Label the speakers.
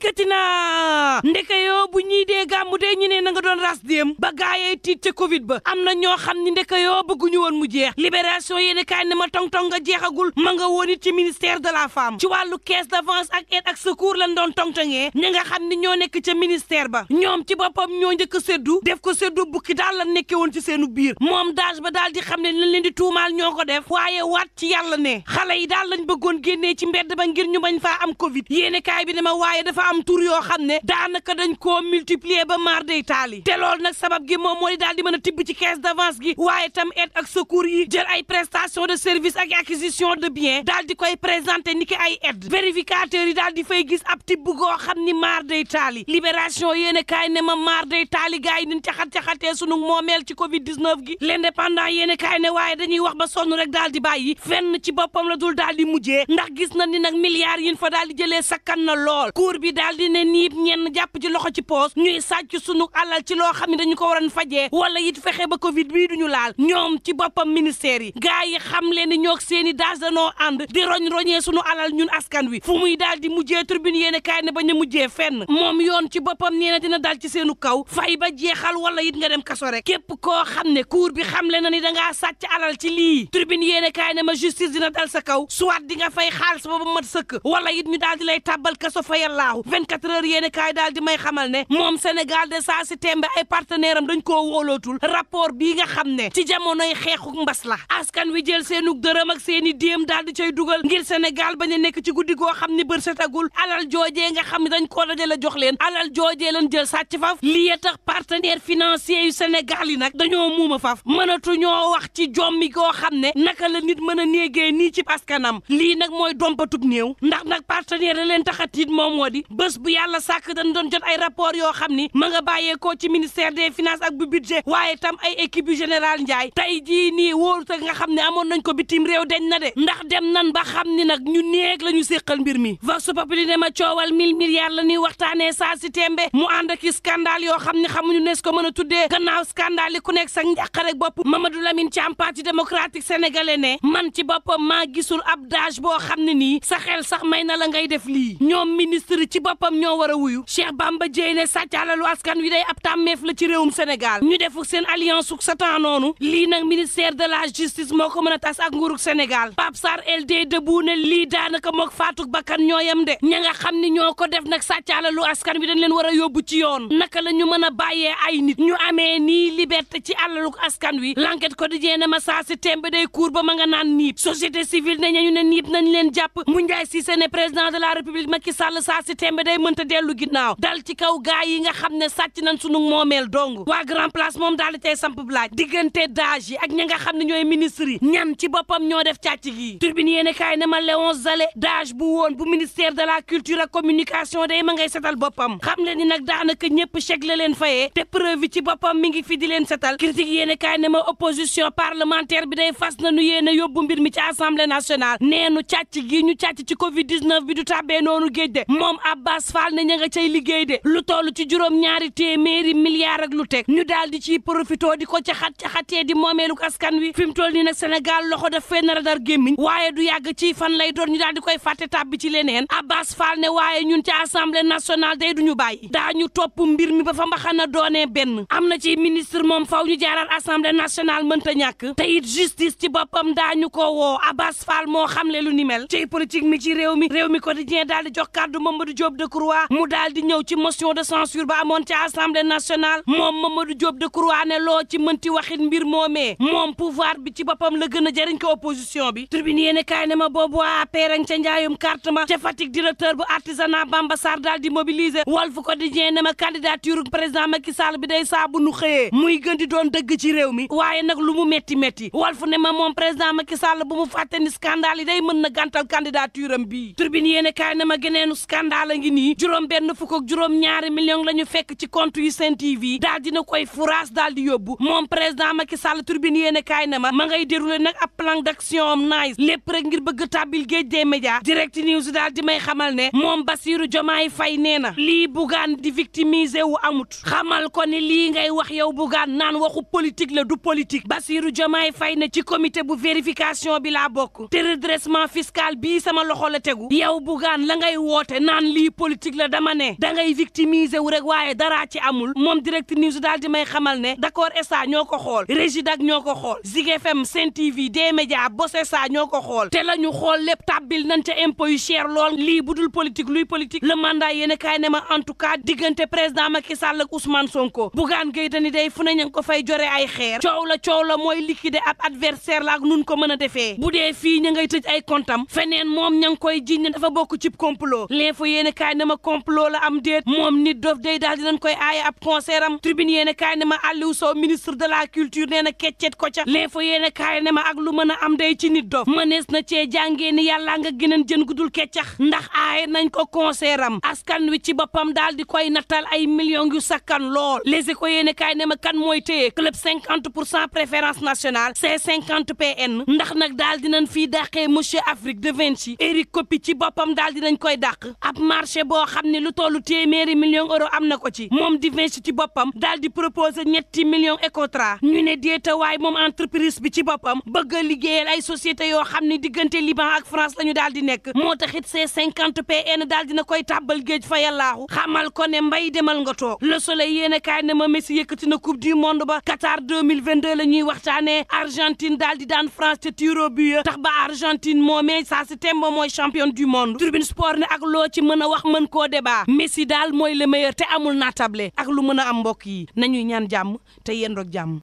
Speaker 1: dikkati na ndeke yoo bu ñuy dee gàmmu dee ñu ne na nga doon ras déem ba gaayee tiit ca covid ba am na ñoo xam ni ndeke yoo bëgguñu woon mu jeex libération yéeni kaay ne ma tong-tong nga jeexagul ma nga woon it ci ministère de la femme ci wàllu caisse d'avance ak aide ak secours lan doon tongtongee ñi nga xam ni ñoo nekk ca ministère ba ñoom ci boppam ñoo njëkk a séddu def ko séddu bukki daal la nekke woon ci seenu biir moom daaj ba daal di xam ne lañ leen di tuumaal ñoo ko def waaye waat ci yàlla ne xale yi daal lañ bëggoon génnee ci mbedd ba ngir ñu bañ faa am covid yéeni am tur yoo xam ne daanaka dañ koo multiplier ba maar day taali te loolu nag sabab gi moom moo di daal di a tibb ci caisse d'avance gi waaye tam aide ak secours yi jël ay prestation de service ak acquisition de biens daal di koy présenté ni ki ay aide vérificateur yi daal di fay gis ab tibb goo xam ni maar day taali libération yéene kaay ne ma maar day taali gars yi nin caxat-caxatee sunu moomeel ci covid 19 gi l'indépendant yéene kaay ne waaye dañuy wax ba sonn rek daal di bàyyi fenn ci boppam la dul daal di mujjee ndax gis na ni nag milliards yin fa daal di jëlee sakkan na lool cour bi di ne niib ñenn jàpp ci loxo ci poos ñuy sàcc sunu alal ci loo xam ne dañu ko waroon fajee wala it fexe ba covid bii duñu laal ñoom ci boppam ministère yi gars yi xam leen ni seeni seen i daas danoo ànd di roñ-roñee sunu alal ñun askan wi fu muy daal di mujjee tribune yéene kaay ne ba ñu mujjee fenn moom yoon ci boppam nee na dina dal ci seenu kaw fay ba jeexal wala it nga dem kaso rek képp koo xam ne cour bi xam le na ni dangaa sàcc alal ci lii tribune yéene kaay ne ma justice dina dal sa kaw soit di nga fay xaalis ba ba mat sëkk wala it ñu daal di lay tàbbal kaso fa yàllaahu yàqu 24 heures yéen kaay daal di may xamal ne moom Sénégal de saa si tembe ay partenaire am dañ koo wóolootul rapport bii nga xam ne ci jamonoy xeexu mbas la askan wi jël seenug dërëm ak seeni i déem daal di cay dugal ngir Sénégal bañ a nekk ci guddi goo xam ni bër setagul alal joojee nga xam ne dañ koo dajale jox leen alal joojee leen jël sàcc faf lii tax partenaire financier yu Sénégal yi nag dañoo muuma faf ñoo wax ci jommi goo xam ne naka la nit mën a néegee nii ci askanam lii nag mooy dompatug néew ndax nag partenaire la leen taxatiit moom moo di bés bu yàlla sàkk dañ doon jot ay rapport yoo xam ni ma nga bàyyeekoo ci ministère des finance ak bu budget waaye tam ay équipe yu général Ndiaye tey jii nii wóorut ak nga xam ne amoon nañ ko bitim réew deñ na de ndax dem nan ba xam ni nag ñu neeg la ñu séqal mbir mi vox populi ne ma coowal mille milliards la ni waxtaanee saa si tembe mu ànd ak scandale yoo xam ne xamuñu nees ko mën a tuddee gannaaw scandale yi ku nekk sa njàqare bopp Mamadou Lamine Thiam parti démocratique sénégalais ne man ci boppam maa gisul ab dage boo xam ne nii sa xel sax may na la ngay def lii ci boppam ñoo war a wuyu Cheikh Bamba Dièye ne sàcc alalu askan wi day ab tàmmeef la ci réewum Sénégal ñu defuk seen alliance su sa temps noonu lii nag ministère de la justice moo ko a tas ak nguurug Sénégal Pape Sarr LD debout ne lii daanaka mook faatuk bakkan ñoo de ña xam ni ñoo ko def nag sàcc alalu askan wi dañ leen war a ci yoon naka la ñu mën a bàyyee ay nit ñu amee nii liberté ci alalu askan wi l'enquête quotidien ne ma saa ma nga naan niib tembe day mënta dellu ginnaaw dal ci kaw gaay yi nga xam ne sàcc nañ sunu moomeel dong waa grand place moom daal di tey samp blaaj diggante daaj ak ña nga xam ne ñooy ministre yi ñan ci boppam ñoo def càcc gi turbine yéene kaay ne ma Léon Zalé daaj bu woon bu ministère de la culture ak communication day ma ngay setal boppam xam le ni nag daanaka ñëpp chèque la leen fayee te preuve ci boppam mi ngi fi di leen setal critique yéene kaay ne ma opposition parlementaire bi day fas na nu yéene yóbbu mbir mi ci assemblée nationale neenu càcc gi ñu càcc ci covid 19 bi du tàbbee noonu géej de Abbas Fall ne ña nga liggéey de lu toll ci juróom-ñaari téeméeri milliards ak lu teg ñu daal di ciy profitoo di ko ca xat ca xatee di moomeelu askan wi fi mu toll nii nag Sénégal loxo daf fee nar a dar gémmiñ waaye du yàgg ci fan lay doon ñu daal di koy fàtte tàbbi ci leneen Abbas Fall ne waaye ñun ci assemblée nationale day duñu bàyyi daañu topp mbir mi ba fa mbaxana doonee benn am na ci ministre moom faw ñu jaaral assemblée nationale mënta ñàkk te it justice ci boppam daañu ko woo Abbas Fall moo xamle lu ni mel mi ci réew mi di jox kàddu Mamadou Diop Diop Decroix mu daal di ñëw ci motion de censure ba amoon ci assemblée nationale moom Mamadou Diop Decroix ne loo ci mënti waxit mbir moomee moom pouvoir bi ci boppam la gën a jëriñ ko opposition bi tribune yéene kaay ma boobu waa APR ca njaayum carte ma ca Fatick directeur bu artisanat Bamba Sarr daal di mobiliser ma candidature président Macky bi day saa bu nu xëyee muy gën di doon dëgg ci réew mi waaye nag lu mu metti metti Walf ne ma moom président Macky Sall bu mu fàtte ni scandale yi day mën ne ma ngi nii juróom benn fukk ak juróom ñaari million la ñu fekk ci compte yu Sen TV daal dina koy furaas daal di yóbbu moom président Macky bi ni yéene kaay na ma ma ngay déroulé nag ab plan d'action am nice lépp rek ngir bëgg tàbbil géej des médias direct news daal di may xamal ne moom Bassirou Diomaye Faye nee na lii Bougane di victimiser wu amut xamal ko ni lii ngay wax yow Bougane naan waxu politique la du politique Bassirou Diomaye Faye na ci comité bu vérification bi laa bokk te redressement fiscal bii sama loxo la lii politique la dama ne da ngay victimiser wu rek waaye dara ci amul moom direct news daal di may xamal ne d'accord SA ñoo ko xool Régidag ñoo ko xool Zik FM Sen TV D-Média Bos SA ñoo ko xool te la ñu xool lépp tàbbil nan ca impôt yu cher lool li bu dul politique luy politique le mandat yéen a kaay ne ma en tout cas diggante président Macky Sall ak Ousmane Sonko Bougane Gueye Dany day fu ne ñu ngi ko fay jore ay xeer coow la coow la mooy liquider ab adversaire la ak nun ko mën a defee bu dee fii ñu ngay tëj ay comptam feneen moom ña ngi koy jiñ dafa bokk ci complot yéene kaay na ma complot la am déet moom nit dof day daal dinañ koy aaye ab concert am tribune yéene kaay na ma Aliou Sow ministre de la culture nee na keccet ko ca l'info yéene kaay na ma ak lu mën a am day ci nit dof nees na cee jàngee ni yàlla nga gëneen jën gudul keccax ndax aaye nañ ko concert am askan wi ci boppam daal di koy nattal ay millions yu sakkan lool les éco yéene kaay na ma kan mooy téye club 50 pour cent préférence nationale c'est 50 PN ndax nag daal dinañ fii dàqee monsieur Afrique de Vinci Eric Kopi ci boppam daal dinañ koy dàq marché boo xam ni lu tollu téeméeri million euro am na ko ci moom di vinci ci boppam daal di proposé ñetti million Ecotra ñu ne déetawaay moom entreprise bi ci boppam bëgg a liggéeyal ay société yoo xam ni diggante Liban ak France la ñu daal di nekk moo taxit C50 PN daal dina koy tàbbal géej fa yàllaahu xamal ko ne mbay demal nga toog Le Soleil yéen a kaay ne ma Messi yëkkati na coupe du monde ba Qatar 2022 la ñuy waxtaanee Argentine daal di daan France te tiro bu tax ba Argentine moomee saa si tembo mooy champion du monde Tribune Sport wax mën koo débat Messi daal mooy le meilleur te amul naatable ak lu mën a am mbokk yi nañuy ñaan jàmm te yendoo ak jàmm